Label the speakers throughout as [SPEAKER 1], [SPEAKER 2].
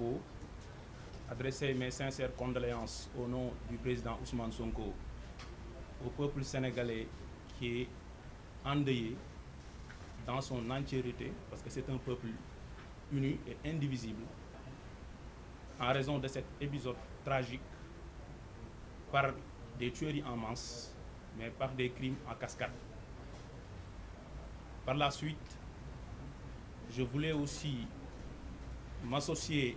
[SPEAKER 1] Sonko, adresser mes sincères condoléances au nom du président Ousmane Sonko au peuple sénégalais qui est endeuillé dans son entièreté, parce que c'est un peuple uni et indivisible, en raison de cet épisode tragique par des tueries en masse, mais par des crimes en cascade. Par la suite, je voulais aussi m'associer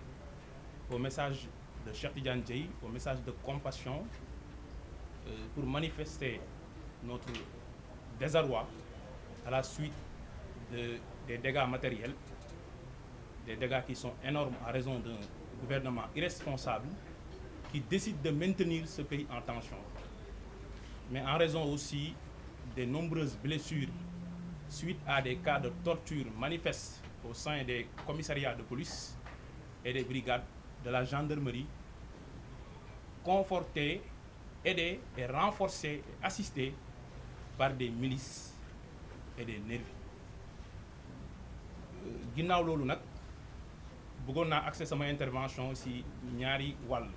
[SPEAKER 1] au message de Cheikh Tidiane Dieye au message de compassion euh, pour manifester notre désarroi à la suite des dégâts matériels des dégâts qui sont énormes à raison d'un gouvernement irresponsable qui décide de maintenir ce pays en tension mais en raison aussi des nombreuses blessures suite à des cas de torture manifestes au sein des commissariats de police et des brigades de la gendarmerie, confortée, aidée et renforcée et assistée par des milices et des nervis euh, ginnaaw loolu nag bëggoon naa accès sama intervention ci ñaari wàll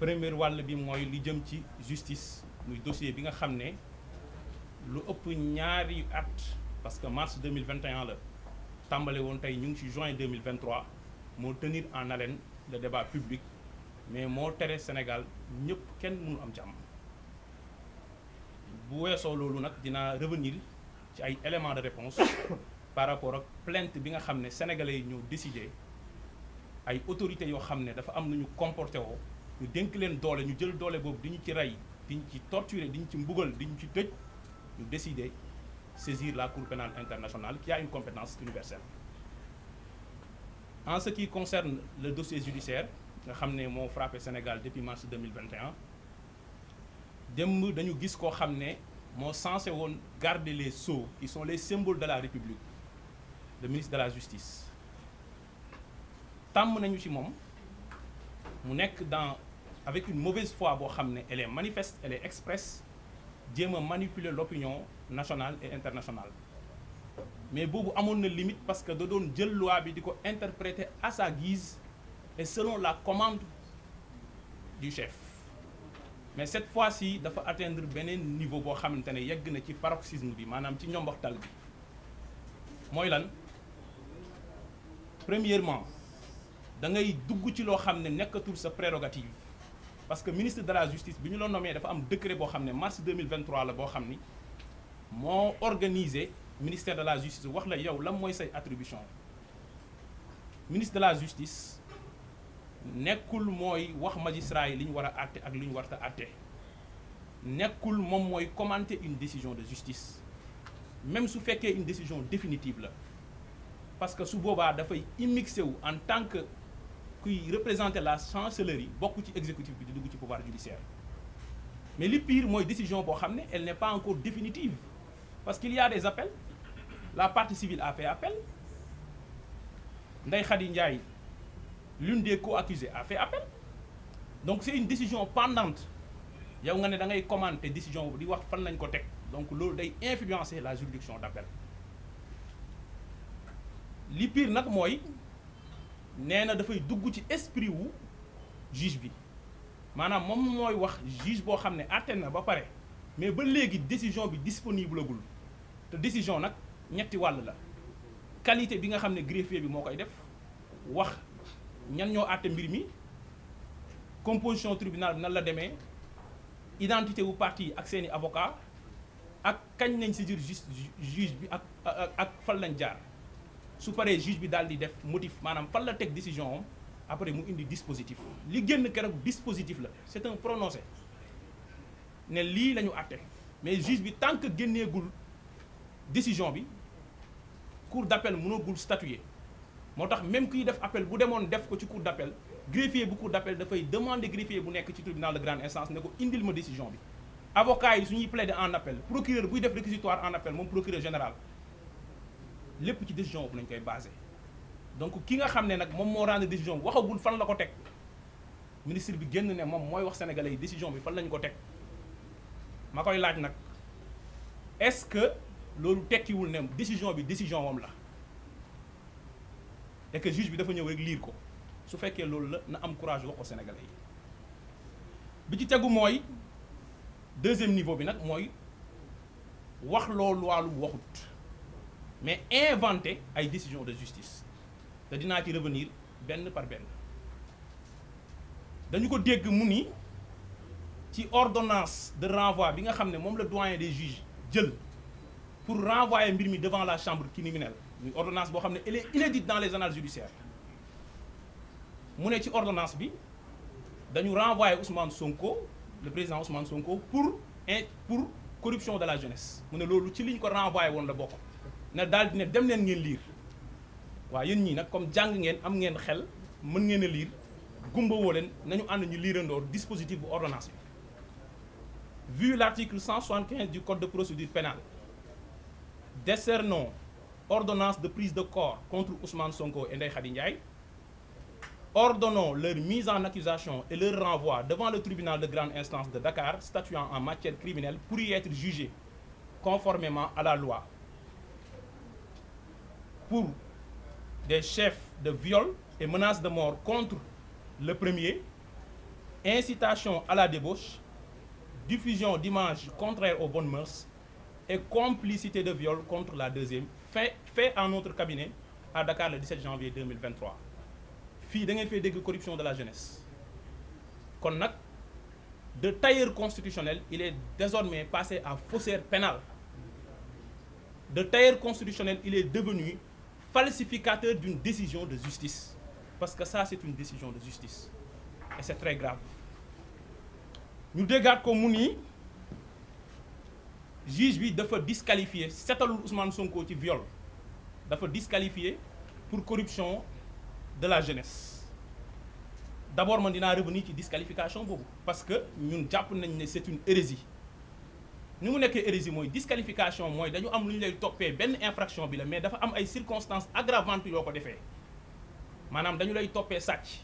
[SPEAKER 1] premier wàll bi mooy li jëm ci justice muy dossier bi nga xam ne lu ëpp ñaari at parce que mars 2021 la tàmbale woon tey ñu ngi ci juin 2023 moo tenir en haleine de débat public mais moo tere Sénégal ñëpp kenn mënu am jàmm bu weesoo loolu nag dinaa revenir ci ay éléments de réponse par rapport ak plainte bi nga xam ne sénégalais yi ñoo décidé ay autorités yoo xam ne dafa am nañu comporté woo ñu dénk leen doole ñu jël doole boobu diñu ci rey diñu ci torturer ñu ci mbugal ñu ci tëj ñu décidé saisir la Cour pénale internationale qui a une compétence universelle en ce qui concerne le dossier judiciaire nga xam ne moo frappé Sénégal depuis mars 2021 démb dañu gis koo xam ne moo censé woon garder les sceaux qui sont les symboles de la République le ministre de la justice tàmm nañu ci moom mu nekk dans avec une mauvaise foi boo xam ne elle est manifeste elle est expresse jéem a manipuler l'opinion nationale et internationale mais boobu amoon na limite parce que da doon jël loi bi di ko interpréter à sa guise et selon la commande du chef mais cette fois si dafa atteindre beneen niveau boo xamante ne yegg na ci paroxysme bi maanaam ci ñomboxtal bi mooy lan premièrement da ngay dugg ci loo xam ne nekkatul sa prérogative parce que ministre de la justice bi ñu la nommé dafa am décret boo xam ne mars 2023 la boo xam ni moo organisé ministère de la justice wax la yow lan mooy say attribution ministre de la justice nekkul mooy wax magistrat yi li ñu war a àtte ak li ñu warta àtte nekkul moom mooy commenter une décision de justice même su fekkee une décision définitive la parce que su boobaa dafay immixé wu en tant que kuy représenter la chancellerie bokk ci exécutif bi di dugg ci pouvoir judiciaire mais li pire mooy décision boo xam ne elle n'est pas encore définitive parce qu'il y des appels la partie civile a fait appel Ndeye Khady Ndiaye l'une des co-accusés a fait appel donc c'est décision pendante yow nga ne da ngay commenter décision bu di wax fan lañ ko teg donc loolu day influencer la juridiction d'appel li pire nag mooy nee na dafay dugg ci esprit wu juge bi maanaam moom mooy wax juge boo xam ne àtte na ba pare mais ba léegi décision bi disponible agul te décision nag ñetti wàll la qualité bi nga xam ne greffier bi moo koy def wax ñan ñoo àtte mbir mi composition tribunal bi nan la demee identité wu parti yi ak seeni avocat ak kañ nañ si saisir juge bi ak ak fan lañ jaar su paree juge bi daal di def motif maanaam fan la teg décision am après mu indi dispositif li génn keroog dispositif la c'est un prononcé ne lii lañu ñu àtte mais juge bi tant que génneegul décision bi cour d'appel mënagul statuer moo tax même kuy def appel bu demoon def ko ci cour d'appel greffier bu cour d'appel dafay demander greffier bu nekk ci tribunal de grande instance ne ko indil ma décision bi avocat yi suñuy plaider en appel procureur buy def réquisitoire en appel moom procureur général lépp ci décision bi nañ koy basé donc ki nga xam ne nag moom moo rendre décision waxagul fan la ko teg ministre bi génn ne moom mooy wax sénégalais yi décision bi fan lañu ko teg koy laaj nag loolu tekkiwul ne décision bi décision moom la et que bi dafa ñëw liir ko su fekkee loolu la na am courage wax ko sénégalais yi bi ci tegu mooy deuxième niveau bi nag mooy wax loolu wàllu waxut mais inventer ay décision de justice te dinaa ci revenir benn par benn dañu ko dégg mu ni ci ordonnance de renvoi bi nga xam ne moom la doyen des juges jël pour renvoyer mbir mi devant la chambre criminelle muy ordonnance boo xam ne elle est inédite dans les annales judiciaires mu ne ci ordonnance bi dañu renvoyer Ousmane Sonko le président Ousmane Sonko pour in pour corruption de la jeunesse mu ne loolu ci li ñu ko renvoyer woon la bokk ne daal di ne dem leen ngeen liir waaw yéen ñii nag comme jàng ngeen am ngeen xel mën ngeen a lire gumba woo leen nañu ànd ñu liirandoo dispositif bu ordonnance bi vu l'article 175 du code de procédure pénale décernons ordonnance de prise de corps contre Ousmane Sonko et Ndeye Khady Ndiaye ordonnons leur mise en accusation et leur renvoi devant le tribunal de grande instance de Dakar statuant en matière criminelle pour y être jugés conformément à la loi pour des chefs de viol et menaces de mort contre le premier incitation à la débauche diffusion d'images contraires au bonnes mœurs et complicité de viol contre la deuxième fait fait en notre cabinet à Dakar le 17 janvier 2023 fii da ngeen fay dégg corruption de la jeunesse kon nag de tailleur constitutionnel il est désormais passé à faussaire pénale de tailleur constitutionnel il est devenu falsificateur d'une décision de justice parce que ça c'est une décision de justice et c'est très grave ñu déggaat ko mu nii juge bi dafa disqualifié setalul Ousmane Sonko ci viol dafa disqualifié pour corruption de la jeunesse d'abord man dinaa revenir ci disqualification boobu parce que ñun jàpp nañ ne c'est une hérésie ni mu nekkee hérésie mooy disqualification mooy dañu am lu ñu lay toppee benn infraction bi la mais dafa am ay circonstances aggravantes yoo ko defee maanaam dañu lay toppee sàcc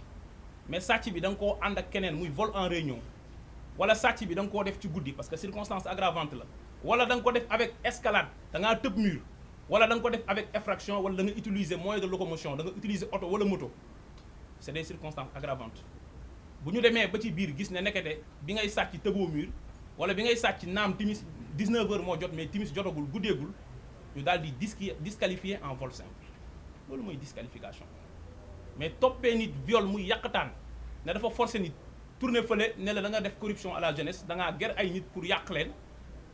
[SPEAKER 1] mais sàcc bi da nga koo ànd ak keneen muy vol en réunion wala sàcc bi da nga koo def ci guddi parce que circonstance aggravante la wala da nga ko def avec escalade da ngaa tëb mur wala da nga ko def avec effraction wala da nga utiliser moyen de locomotion da nga utiliser oto wala moto c'est des circonstances aggravantes bu ñu demee ba ci biir gis ne nekkete bi ngay sàcc tëboo mur wala bi ngay sàcc naam timis 19 heures moo jot mais timis jotagul guddeegul ñu daal di disqui disqualifié en vol simple loolu mooy disqualification mais toppee nit viol muy yàqtaan ne dafa forcer nit tourner fële ne la da nga def corruption la jeunesse da ngaa ger ay nit pour yàq leen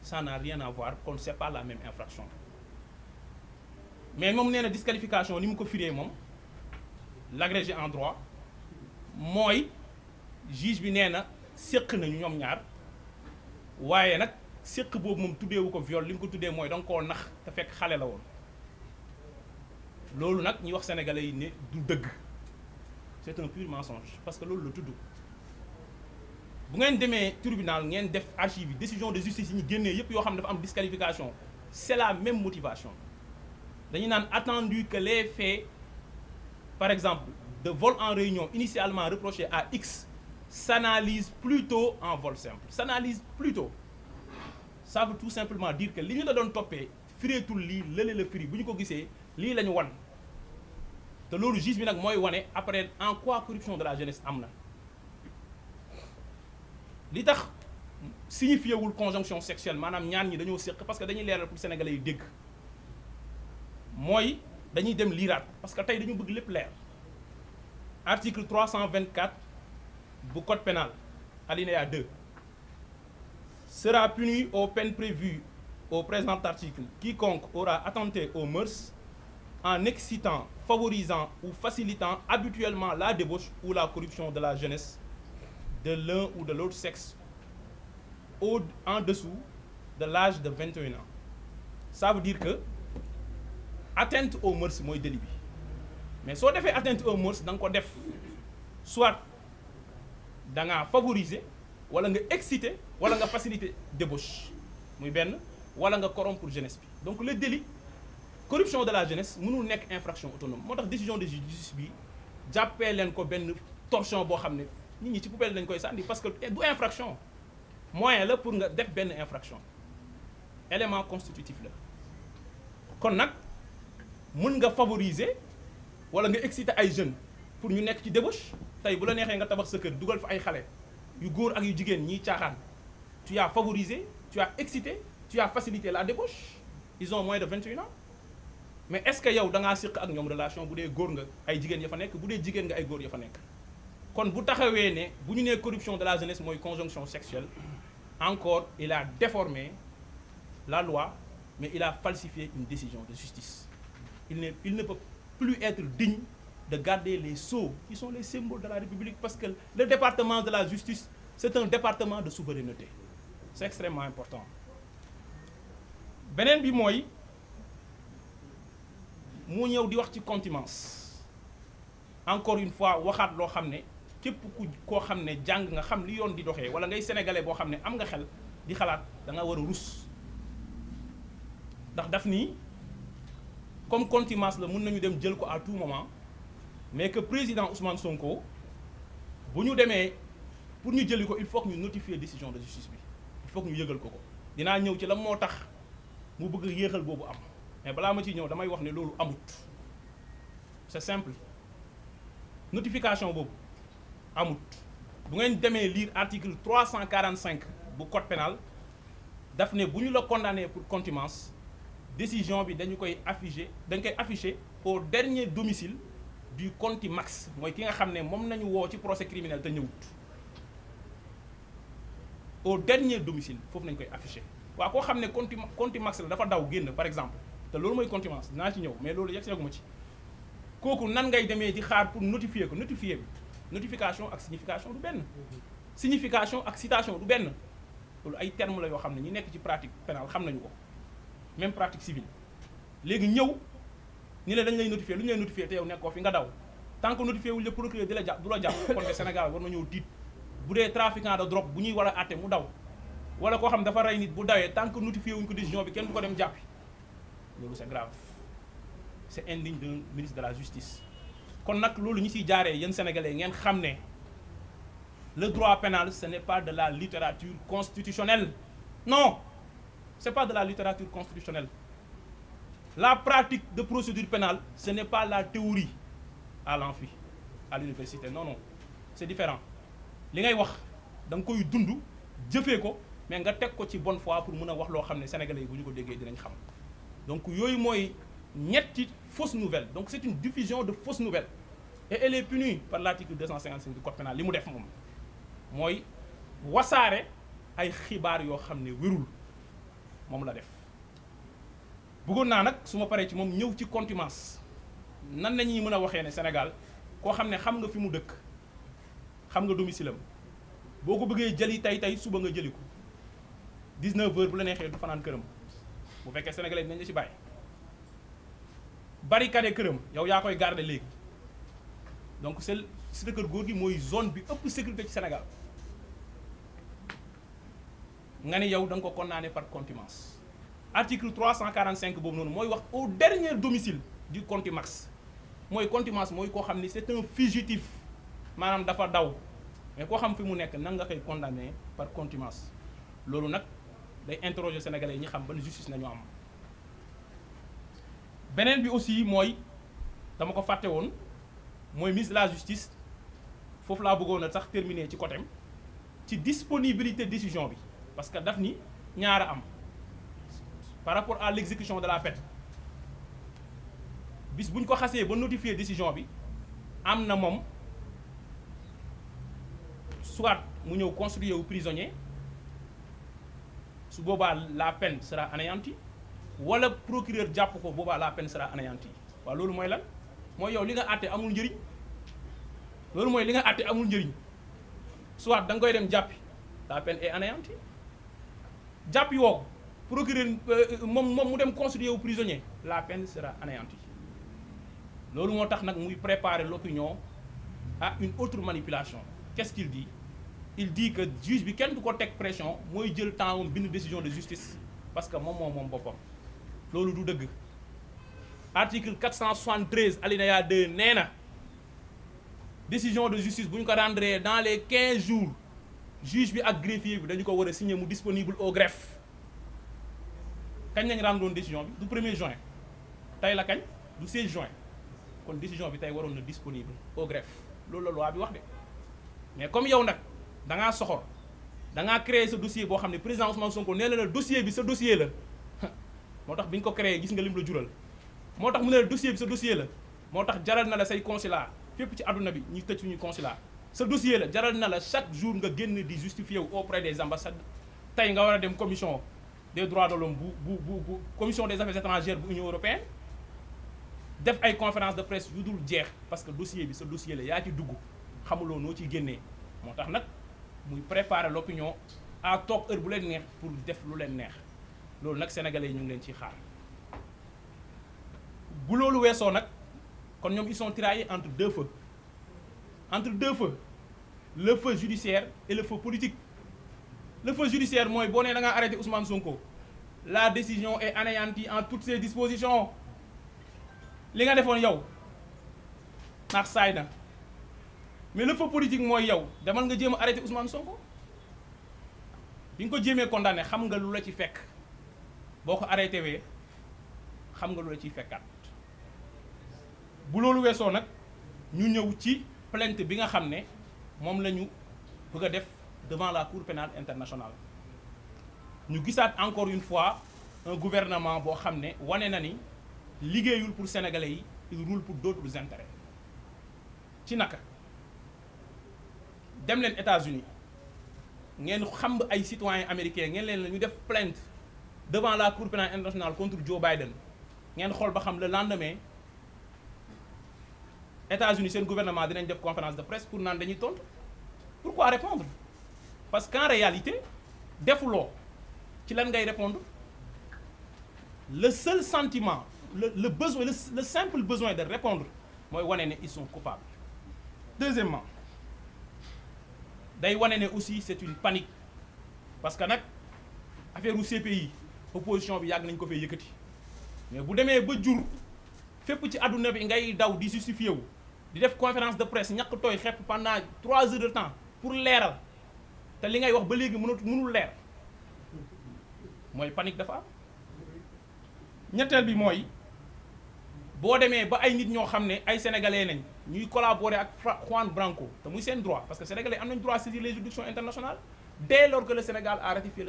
[SPEAKER 1] ça n'a rien à voir kon c'est pas la même infraction mais moom nee na disqualification ni mu ko firee moom l'agrégé en droit mooy juge bi nee na séq nañu ñoom ñaar waaye nag séq boobu moom tuddeewu ko viol li mu ko tuddee mooy danga koo nax te fekk xale la woon loolu nag ñi wax sénégalais yi ne du dëgg c'est un pur mensonge parce que loolu la tudd bu ngeen demee tribunal ngeen def archive yi décision de justice yi ñu génnee yëpp yoo xam ne dafa am disqualification c'est la même motivation dañu naan attendu que les faits par exemple de vol en réunion initialement reproché à X s'analyse plutôt en vol simple s'analyse plutôt ça veut tout simplement dire que li ñu la doon toppee fireetul lii lële la firi bu ñu ko gisee lii la ñu wan te loolu juge bi nag mooy wane après en quoi corruption de la jeunesse am na li tax signifié wul conjonction sexuelle maanaam ñaan ñi dañoo séq parce que dañuy leeral pour sénégalais yi dégg mooy dañuy dem liiraat parce que tey dañu bëgg lépp leer article 324 bu code pénal alinéa 2 sera puni aux peines prévues au présent article quiconque aura attenté aux mœurs en excitant favorisant ou facilitant habituellement la débauche ou la corruption de la jeunesse de l'un ou de l'autre sexe au en de dessous de lage de 21 ans ça veut dire que attente au mœurs mooy délit bi mais soo defee atteinte au mœurs da nga ko def soit da ngaa favoriser wala nga exciter wala nga faciliter débauche muy benn wala nga corrompre jeunesse bi donc le délit corruption de la jeunesse mënul nekk infraction autonome moo tax décision de justice bi jàppee leen ko benn torsion boo xam ne nit ñi ci poubelle lañ koy sànni parce que eh, du infraction moyen la pour nga def benn infraction élément constitutif la kon nag mën nga favoriser wala nga exciter ay jeunes pour ñu nekk ci débauche tey bu la neexee nga tabax sa kër dugal fa ay xale yu góor ak yu jigéen ñiy caaxaan tu as favorisé tu as excité tu as facilité la débauche ils ont moins de 21 ans mais est-ce que yow da ngaa siq ak ñoom relation bu dee góor nga ay jigéen ya fa nekk bu dee jigéen nga ay góor ya fa nekk kon bu taxawee ne bu ñu nee corruption de la jeunesse mooy conjonction sexuelle encore il a déformé la loi mais il a falsifié une décision de justice il ne il ne peut plus être digne de garder les sceaux qui sont les symboles de la République parce que le département de la justice c'est un département de souveraineté c'est extrêmement important beneen bi mooy mu ñëw di wax ci contumace encore une fois waxaat loo xam ne képp ku koo xam ne jàng nga xam li yoon di doxee wala ngay sénégalais boo xam ne am nga xel di xalaat danga war a rus ndax daf nii comme contumace la mun nañu dem jël ko à tout moment mais que président Ousmane Sonko bu ñu demee pour ñu jëli ko il faut ñu notifier décision de justice bi il faut ñu yëgal ko ko dinaa ñëw ci la moo tax mu bëgg yéexal boobu am mais balaa ma ciy ñëw damay wax ne loolu amut sa simple notification boobu. amut bu ngeen demee lire article 345 bu code pénal daf ne bu ñu la condamné pour contumace décision bi dañu koy affiché dañ koy affiché au dernier domicile du contumax mooy ki nga xam ne moom nañu woo ci procès criminel te ñëwut o dernier domicile foofu nañ koy affiché waaw koo xam ne contu contumax la dafa daw génn par exemple te loolu mooy contumace naa ci ñëw mais loolu yegg seeguma ci kooku nan ngay demee di xaar pour notifier ko notifier bi notification ak signification du benn signification ak sitation du benn loolu ay termes la yoo xam ne ñu nekk ci pratique pénale xam nañu ko même pratique civile léegi ñëw ni la dañ lay notifier lu ñu lay notifier te yow nekkoo fi nga daw tant que notifié wul le procureur di la jàpp du la jàpp kon de Sénégal war na ñëw tiit bu dee trafiquant de drogue bu ñuy war a àtte mu daw wala koo xam dafa rey nit bu dawee tant que notifié wuñ ko décision bi kenn du ko dem jàppi loolu c'est grave c'est indigne d'un ministre la justice kon nag loolu ñu ciy jaaree yéen sénégalais ngeen xam ne le droit pénal ce n'est pas de la littérature constitutionnelle non c'est pas de la littérature constitutionnelle la pratique de procédure pénale ce n'est pas la théorie à l'amphi à l'université non non c'est différent li ngay wax da nga koy dund jëfee ko mais nga teg ko ci bonne fois pour mun a wax loo xam ne sénégalais yi bu ñu ko déggee dinañ xam donc yooyu mooy ñetti fausse nouvelle donc c'est une diffusion de fausse nouvelle et elle est punie par l'article 255 du code pénal li mu def moom mooy wasaare ay xibaar yoo xam ne wérul moom la def bëggoon naa nag su ma paree ci moom ñëw ci contumace nan la ñuy mën a waxee ne Sénégal koo xam ne xam nga fi mu dëkk xam nga domicile am boo ko bëggee jëli tey tey suba nga jëli ko 19 heures bu la neexee du fanaan këram bu fekkee sénégalais dinañ la ci bàyyi. barricade këram yow yaa koy garde léegi donc c'est kër góor gi mooy zone bi ëpp sécurité ci Sénégal nga ne yow da nga ko condamné par contumace article 345 boobu noonu mooy wax au dernier domicile di contumax mooy contumace mooy koo xam ni c'est un fugitif maanaam dafa daw mais koo xam fi mu nekk nan nga koy condamné par contimence loolu nag day interroger sénégalais yi ñu xam ban justice nañu am beneen bi aussi mooy dama ko fàtte woon mooy mise la justice foofu laa bëggoon a sax terminer ci côté ci disponibilité décision bi parce que daf ni ñaar a am par rapport à l'exécution de la peine bis buñ ko xasee ba notifier décision bi am na moom soit mu ñëw construire wu prisonnier su boobaa la pen sera anéantie wala procureur jàpp ko boobaa la peine sera anéantie waaw loolu mooy lan mooy yow li nga àtte amul njëriñ loolu mooy li nga àtte amul njëriñ soit da nga koy dem jàppi la peine est anéantie jàppi woo ko procureur euh, moom moom mu dem constituer wu prisonnier la peine sera anéantie loolu moo tax nag muy préparer l'opinion à une autre manipulation qu'est-ce qu'il il dit que juge bi kenn du ko teg pression mooy jël temps bind décision de justice parce que moom moom moom boppam loolu du dëgg article 473 aline 2 nee na décision de justice bu ñu ko rendre dans les 15 jours juge bi ak greffier bi dañu ko war a signer mu disponible au greffe kañ lañ rendoon décision bi du 1er juin tey la kañ du 16 juin kon décision bi tey waroon na disponible au greffe loolu la loi bi wax de mais comme yow nag da ngaa soxor da ngaa créer sa dossier boo xam ne président Ousmane Sonko nee na la dossier bi sa dossier la. moo tax bi ñu ko créé gis nga lim la jural moo tax mu ne la dossier bi sa dossier la moo tax jaral na la say consulat fépp ci àdduna bi ñu tëj suñu consulat sa dossier la jaral na la chaque jour nga génn di justifié wu auprès des ambassades tey nga war a dem commission des droits de l'homme bu bu bu bu commission des affaires étrangères bu union européenne def ay conférence de presse yu dul jeex parce que dossier bi sa dossier la yaa ci dugg xamuloo noo ciy génnee moo tax nag muy préparer l'opinion à toog heure bu leen neex pour def lu leen neex loolu nag sénégalais yi ñu ngi leen ciy xaar bu loolu weesoo nag kon ñoom isson sont entre deux feux entre deux feux le feu judiciaire et le feu politique le feu judiciaire mooy boo nee da ngaa arrêté Ousmane Sonko la décision est anéantie en toutes ses dispositions li nga defoon yow ndax saay na mais le feu politique mooy yow demal nga jéem a arrêté Ousmane Sonko bi nga ko jéemee condamné xam nga lu la ci fekk. boo ko arrêté wee xam nga loolu ciy fekkaat bu loolu weesoo nag ñu ñëw ci plainte bi nga xam ne moom la ñu bëgg a def devant la cour pénale internationale ñu gisaat encore une fois un gouvernement boo xam ne wane na ni liggéeyul pour sénégalais yi il roule pour d'autres intérêts ci naka dem leen États-Unis ngeen xam ay citoyens américains ngeen leen la ñu def plainte devant la cour pénale internationale contre Joe Biden ngeen xool ba xam le lendemain États-Unis seen gouvernement dinañ def conférence de presse pour naan dañuy tontu pourquoi répondre parce qu'en réalité defuloo ci lan ngay répondre le seul sentiment le le besoin le, le simple besoin de répondre mooy wane ne ils sont deuxièmement day wane ne aussi c'est une panique parce que nag affaire u CPI opposition bi yàgg nañ ko fee yëkkati mais bu demee ba jur fépp ci àdduna bi ngay daw di justifié wu di def conférence de presse ñàkk tooy xepp pendant trois heures de temps pour leeral te li ngay wax ba léegi mënatu mënul leer mooy panique dafa am ñetteel bi mooy boo demee ba ay nit ñoo xam ne ay sénégalais nañ ñuy collaborer ak Juan Branco te muy seen droit parce que sénégalais am nañ droit saisir les juridictions internationales dès que le Sénégal a ratifié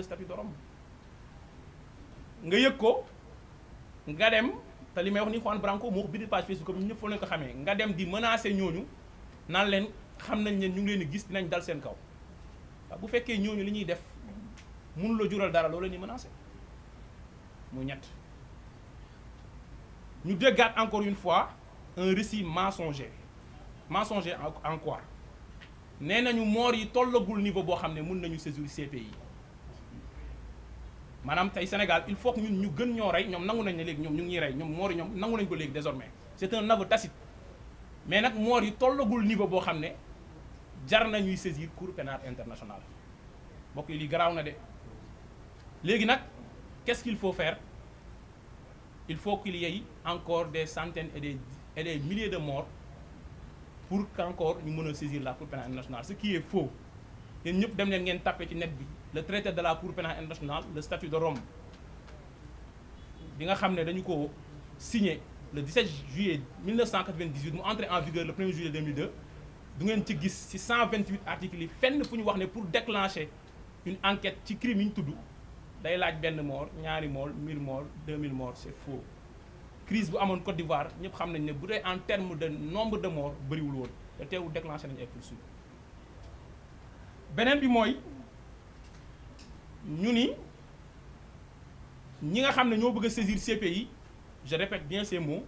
[SPEAKER 1] nga yëg ko nga dem te li may wax ni Juan Branco moo ko bind page Facebook comme ñëpp foo leen ko xamee nga dem di menacer ñooñu naan leen xam nañ leen ñu ngi leen di gis dinañ dal seen kaw waaw bu fekkee ñooñu li ñuy def mënu la jural dara loolu la ñuy menacer muy ñett ñu déggaat encore une fois un récit mensonger mensonger encore quoi nee nañu moor yi tollagul niveau boo xam ne mun nañu saisir yi maanaam tey Sénégal il faut que ñun ñu gën ñoo rey ñoom nangu nañ ne léegi ñoom ñu ngi ñuy rey ñoom moor yi ñoom nangu nañ ko léegi désormais c'est un aveu tacite mais nag moor yi tollagul niveau boo xam ne jar nañuy ñuy saisir cour internationale mbokk yi li garaaw na de léegi nag qu'est-ce qu'il faut faire il faut qu'il y encore des centaines et des et des milliers de morts pour qu'encore ñu mën a saisir la cour pénale internationale ce qui est faux yéen ñëpp dem leen ngeen tapé ci net bi le traité de la Cour pénale internationale le statut de Rome bi nga xam ne dañu ko signé le 17 juillet 1998 mu entré en vigueur le 1er juillet du ngeen ci gis ci 128 articles yi fenn fu ñu wax ne pour déclencher une enquête ci crime yi ñu tudd day laaj benn mort ñaari mort 1000 morts 2000 morts c'est faux crise bu amoon Côte d'Ivoire ñëpp xam nañ ne bu dee en terme de nombre de morts bëriwul woon te teewul déclenché nañu ay poursuites beneen bi mooy. ñu ni ñi nga xam ne ñoo bëgg a saisir CPI je répète bien ces mots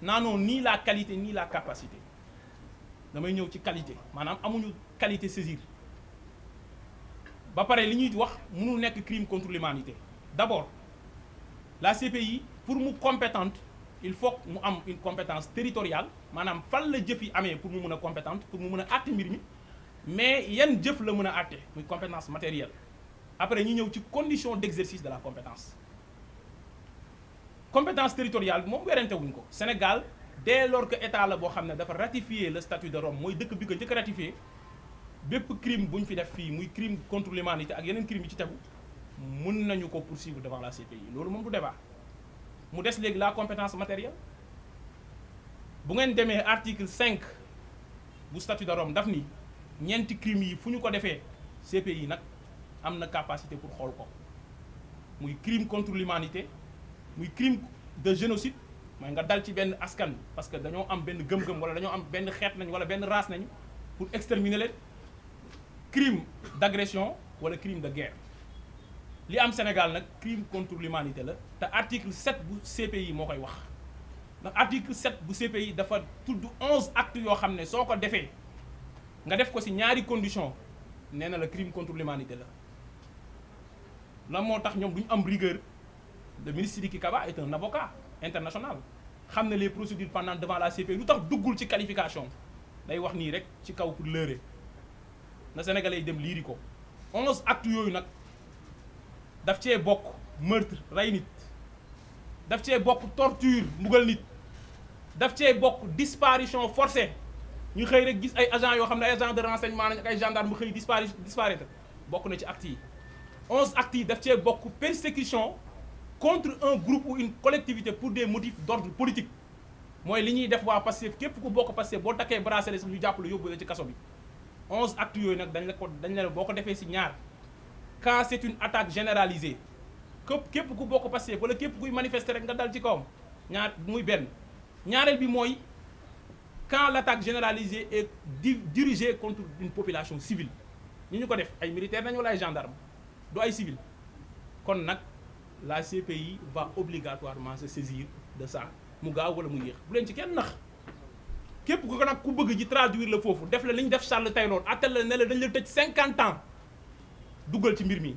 [SPEAKER 1] naanoon ni la qualité nii la capacité damay ñëw ci qualité maanaam amuñu qualité saisir ba pare li ñuy wax mënul nekk crime contre l'humanité d'abord la yi pour mu compétente il faut mu am une compétence territoriale maanaam fan la jëf yi amee pour mu mën a compétente pour mu mën a àtte mbir mi mais yan jëf la mën a àtte muy compétence matérielle après ñu ñëw ci condition d'exercice de la compétence compétence teritorial bi moom werante wuñ ko Sénégal de lors que état la boo xam ne dafa ratifier le statut de Rome mooy dëkk bi ko jëkk ratifié bépp krim bu ñu fi def fii muy crime contre l'humanité ak yeneen crime yi ci tegu mun nañu ko poursuivre devant la CPI loolu moom du débat mu des léegi la compétence matérielle bu ngeen demee article 5 bu statut de Rome daf ni ñeenti crimes yi fu ñu ko defee CPI nag am na capacité pour xool ko muy crime contre muy crime de génocide mooy nga dal ci benn askan parce que dañoo am benn gëm-gëm wala dañoo am benn xeet nañ wala benn race nañu pour exterminer leen crime d'agression wala crime de guerre li am Sénégal nag crime contre la te article 7 bu yi moo koy wax ndax article 7 bu yi dafa tudd 11 actes yoo xam ne soo ko defee nga def ko si ñaari condition nee na la crime contre la lan moo tax ñoom du ñu am rigueur le ministre ki Kaba est un avocat international xam ne les procédures pendant devant la CPI e, lu tax duggul ci qualification day wax nii rek ci kaw pour leurrer na sénégalais yi dem liiri ko onze actes yooyu nag daf cee bokk meurtre rey nit daf cee bokk torture mbugal nit daf cee bokk disparition forcée ñu xëy rek gis ay agent yoo xam ne ay agents de renseignement nañ ak ay gendarme xëy dispari disparaître bokk na ci actes yi onze actes yi daf cee bokk persécution contre un groupe une collectivité pour des motifs d'ordre politique mooy li ñuy def waa Pastef képp ku bokk Pastef boo takkee bracelet sax ñu jàpp la yóbbu la ci kaso bi onze actes yooyu nag dañ la ko dañ la boo ko defee si ñaar quand c'est une attaque généralisée képp képp ku bokk Pastef wala képp kuy manifester rek nga dal ci kawam ñaar muy benn ñaareel bi mooy quand l'attaque et est dirigée contre une population civile ñu ñu ko def ay militaires nañu wala ay du ay civil kon nag la CPI va obligatoirement se saisir de ça mu gaaw wala mu yéex bu leen ci kenn nax képp ku ko nag ku bëgg ji traduire la foofu def la li ñu def Sall Taylor attel la ne la dañ la tëj cinquante ans dugal ci mbir mi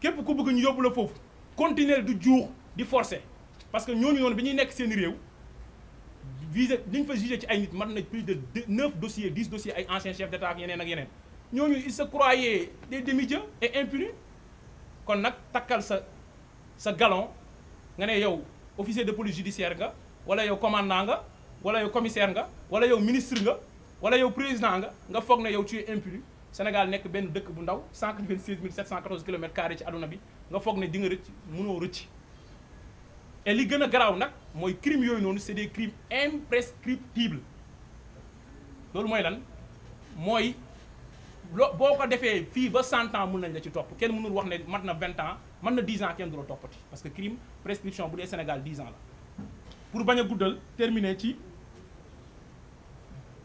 [SPEAKER 1] képp ku bëgg ñu yóbbu la foofu continuer du juux di forcer parce que ñooñu noonu bi ñuy nekk seen réew visé li ñu fa jugé ci ay nit mat na plus de neuf dossiers dix dossiers ay anciens chefs d'État ak yeneen ak yeneen ñooñu ils se croyaient des demi-dieux et impunis kon nag takkal sa sa galon nga ne yow officier de police judiciaire nga wala yow commandant nga wala yow commissaire nga wala yow ministre nga wala yow président nga nga foog ne yow tu es senegal nekk benn dëkk bu ndaw 196 714 kilomètres carrés ci àdduna bi nga foog ne di nga rëcc mënoo rëcc e li gën a garaaw nag mooy crimes yooyu noonu c'est des crimes imprescriptibles loolu mooy lan mooy loo boo ko defee fii ba cent ans mun nañ la ci topp kenn mënul wax ne mat na vingt ans mën na dix ans kenn du la toppati parce que crime prescription bu dee Sénégal dix ans la pour bañ a guddal terminer ci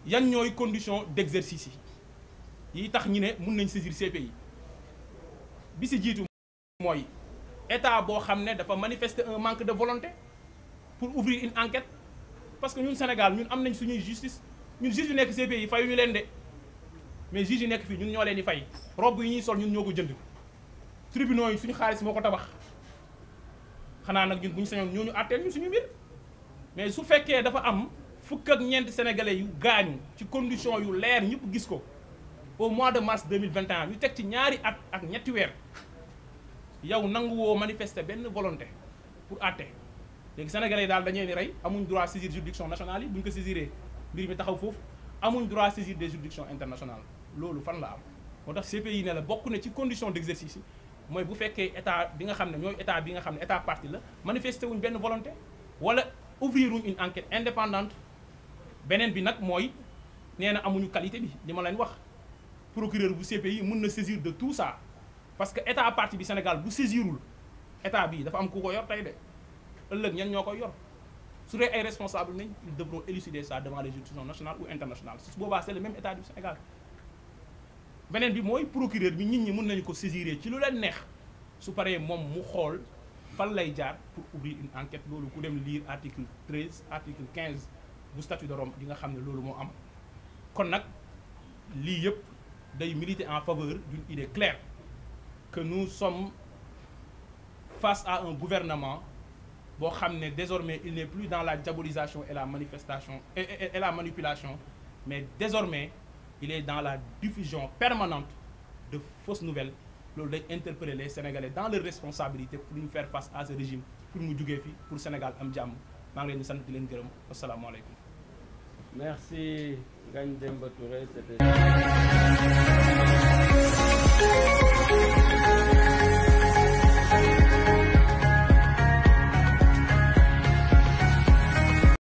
[SPEAKER 1] yan ñooy condition d'exercice yi yi tax ñi ne mun nañ saisir CPI bi si jiitu mooy état boo xam ne dafa manifester un manque de volonté pour ouvrir une enquête parce que ñun Sénégal ñun am nañ suñuy justice ñun juge yu nekk CPI fayu ñu leen de mais juge yi nekk fii ñun ñoo leen fay robe yi ñuy sol ñun ñoo ko jënd tribunaux yi suñu xaalis moo ko tabax xanaa nag ñun bu ñu sañoon ñooñu àtteel ñu suñu mbir mais su fekkee dafa am fukk ak ñeenti sénégalais yu gaañu ci condition yu leer ñëpp gis ko au mois de mars 2021 ñu teg ci ñaari at ak ñetti weer yow nanguwoo manifester benn volonté pour àtte léegi sénégalais yi daal dañuy ni rey amuñ droit saisir juridiction nationale yi bu ñu ko saisiree mbir mi taxaw foofu amuñ droit saisir des juridictions internationales loolu fan la am moo tax CPI ne la bokk na ci condition d'exercice yi mooy bu fekkee état bi nga xam ne ñooy état bi nga xam ne état parti la manifesté wuñ benn volonté wala ouvrir une enquête indépendante beneen bi nag mooy nee na amuñu qualité bi li ma leen wax procureur bu CPI mun na saisir de tout ça parce que état parti bi Sénégal bu saisirul état bi dafa am ku ko yor tey de ëllëg ñan ñoo koy yor su dee ay responsable nañ ils devront élucider ça devant les juridictions nationales ou internationales su boobaa c'est le état du Sénégal beneen bi mooy procureur bi nit ñi mën nañu ko saisir ci lu leen neex su paree moom mu xool fan lay jaar pour ouvrir une enquête loolu ku dem lire article 13 article quinze bu statut de Rome di nga xam ne loolu moo am kon nag lii yëpp day militer en faveur d'une idée claire que nu sommes face à un gouvernement boo xam ne désormais il n'est plus dans la diabolisation et la manifestation et, manipulation mais désormais il est dans la diffusion permanente de fausses nouvelles loolu day interpeller les Sénégalais dans leur responsabilité pour ñu faire face à ce régime pour mu jugee fi pour Sénégal am jàmm maa ngi leen di sant di leen gërëm asalaamaaleykum. merci Ngagne Demba